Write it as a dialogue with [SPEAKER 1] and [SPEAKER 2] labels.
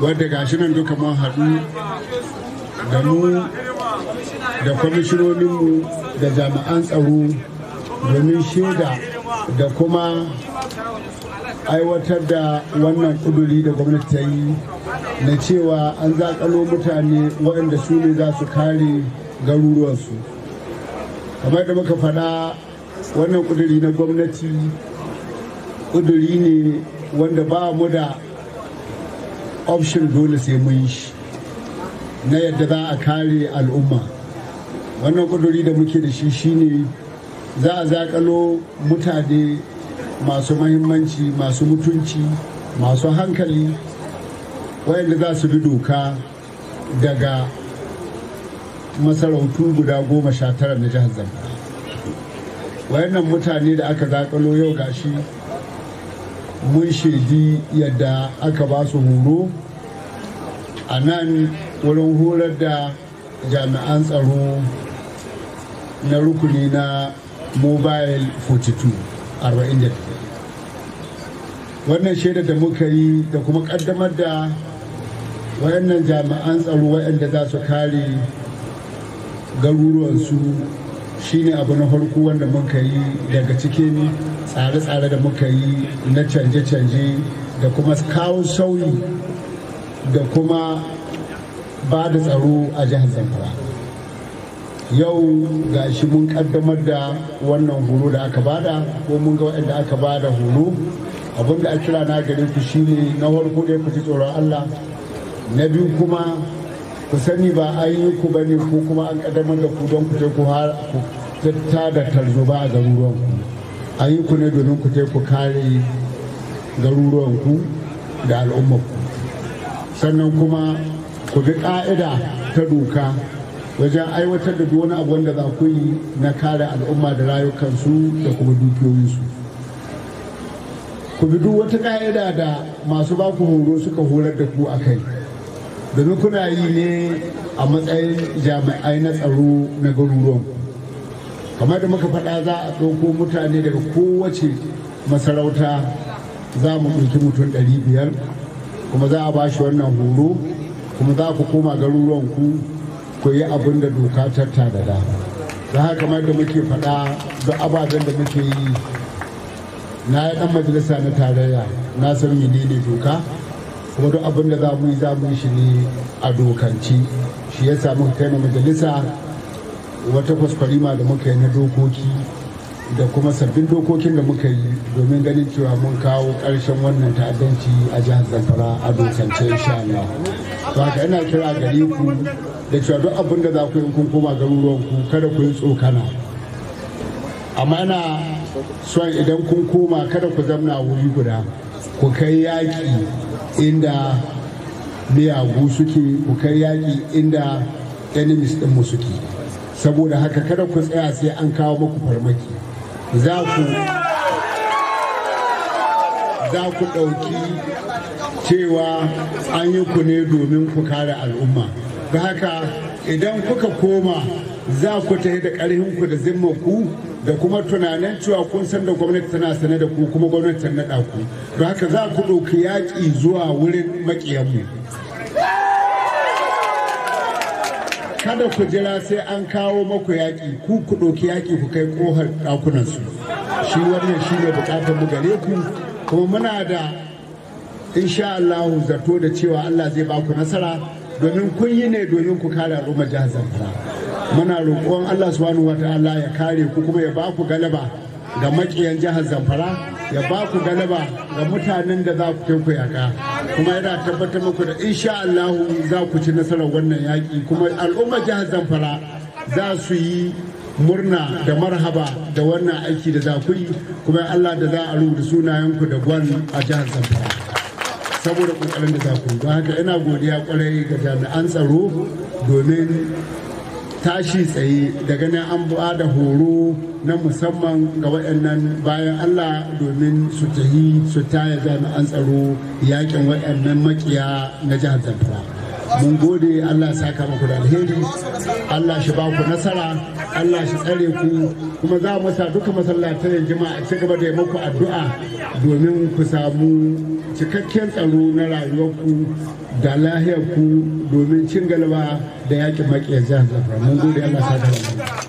[SPEAKER 1] wadda shi nan duka mun haɗu da mu da kwamishinoninmu da jami'an tsaro domin shaida da kuma aiwatar da wannan kuduri da gwamnati ta yi na cewa an zakalo mutane waɗanda su ne za su kare garuruwansu kamar da muka faɗa wannan kuduri na gwamnati kuduri ne wanda ba mu da option dole sai mun shi na yadda za a kare al'umma wannan kuduri da muke da shi shine za a zakalo mutane masu mahimmanci masu mutunci masu hankali wayanda za su bi doka daga masarautu guda goma sha tara na jihar zamfara wayannan mutane da aka zakalo yau gashi mun shaidi yadda aka ba su horo a nan wurin horar da jami'an tsaro na rukuni na mobile 42 40 wannan shaidar da muka yi da kuma kaddamar da wayannan jami'an tsaro wayanda za su kare garuruwansu Shi ne abu na farko wanda muka yi daga cikin tsare-tsare da muka yi na canje-canje da kuma kawo sauyi da kuma ba da tsaro a jihar zamfara yau ga shi mun kaddamar da wannan horo da aka bada ko mun ga waɗanda aka bada horo abinda a kira na gare ku shine na farko da ku ji tsoron allah na biyu kuma ku sani ba an yi ku ba ne ko kuma an ƙaddamar da ku don ku je ku har ku da tarzoba a garuruwan ku an yi ku ne domin ku je ku kare garuruwan ku da al'ummarku sannan kuma ku bi ka'ida ta doka wajen aiwatar da wani abu wanda za ku yi na kare al'umma da rayukansu da kuma dukiyoyinsu ku bi duk wata ka'ida da masu baku horo suka horar da ku a kai domin kuna yi ne a matsayin jami'ai na tsaro na garuruwan kamar da muka faɗa za a ɗauko mutane daga kowace masarauta za mu ɗauki mutum ɗari biyar kuma za a ba shi wannan horo kuma za ku koma garuruwan ku ku yi abin da doka ta tanada da a kamar da muke faɗa da ababen da muke yi na yi ɗan majalisa na tarayya na san menene doka kuma duk abin da za mu yi za mu yi shi ne a dokanci shi ya samu kai na majalisa wata kwaskwarima da muka yi na dokoki da kuma sabbin dokokin da muka yi domin ganin cewa mun kawo ƙarshen wannan ta'addanci a jihar zamfara a dokance insha Allah to haka ina kira gare ku da cewa duk abin da za ku yi kun koma garuruwan ku kada ku yi tsokana amma ina son idan kun koma kada ku zamna wuri guda ku kai yaki. inda miyagu suke ku kai yaƙi inda enemies ɗinmu suke saboda haka kada ku tsaya sai an kawo muku farmaki za ku za ku ɗauki cewa an yi ku ne domin ku kare al'umma ga haka idan kuka koma za ku tafi da ku da ku? da kuma tunanin cewa kun san da gwamnati tana sane da ku kuma gwamnati ta naɗa ku don haka za ku ɗauki yaƙi zuwa wurin maƙiyanmu kada ku jira sai an kawo maku yaƙi ku ku ɗauki yaƙi ku kai ƙohar ɗakunansu shi wannan shi ne buƙatar mu gare ku kuma muna da insha Allah zato da cewa Allah zai ba ku nasara domin kun yi ne domin ku kare al'ummar jihar Zamfara muna roƙon Allah subhanahu ta'ala ya kare ku kuma ya ba ku galaba ga maƙiyan jihar Zamfara ya ba ku galaba ga mutanen da za ku kai ku yaka kuma yana tabbatar muku da insha Allah za ku ci nasarar wannan yaƙi kuma al'ummar jihar Zamfara za su yi murna da marhaba da wannan aiki da za ku yi kuma Allah da za a rubuta sunayenku da gwan a jihar Zamfara saboda kokarin da za ku yi don haka ina godiya kwarai ga jami'an tsaro domin tashi tsaye daga nan an ba da horo na musamman ga waɗannan bayan Allah domin su tahi su taya an tsaro yakin waɗannan makiya na jihar Zamfara. mun gode Allah ya saka muku da alheri Allah shi ba ku nasara Allah shi tsare ku kuma za mu sa duka masallatan jima'a ci gaba da muku addu'a domin ku samu cikakken tsaro na rayuwarku da lahiyarku domin cin galaba da yakin maƙiyar jihar Zamfara mun gode Allah ya saka muku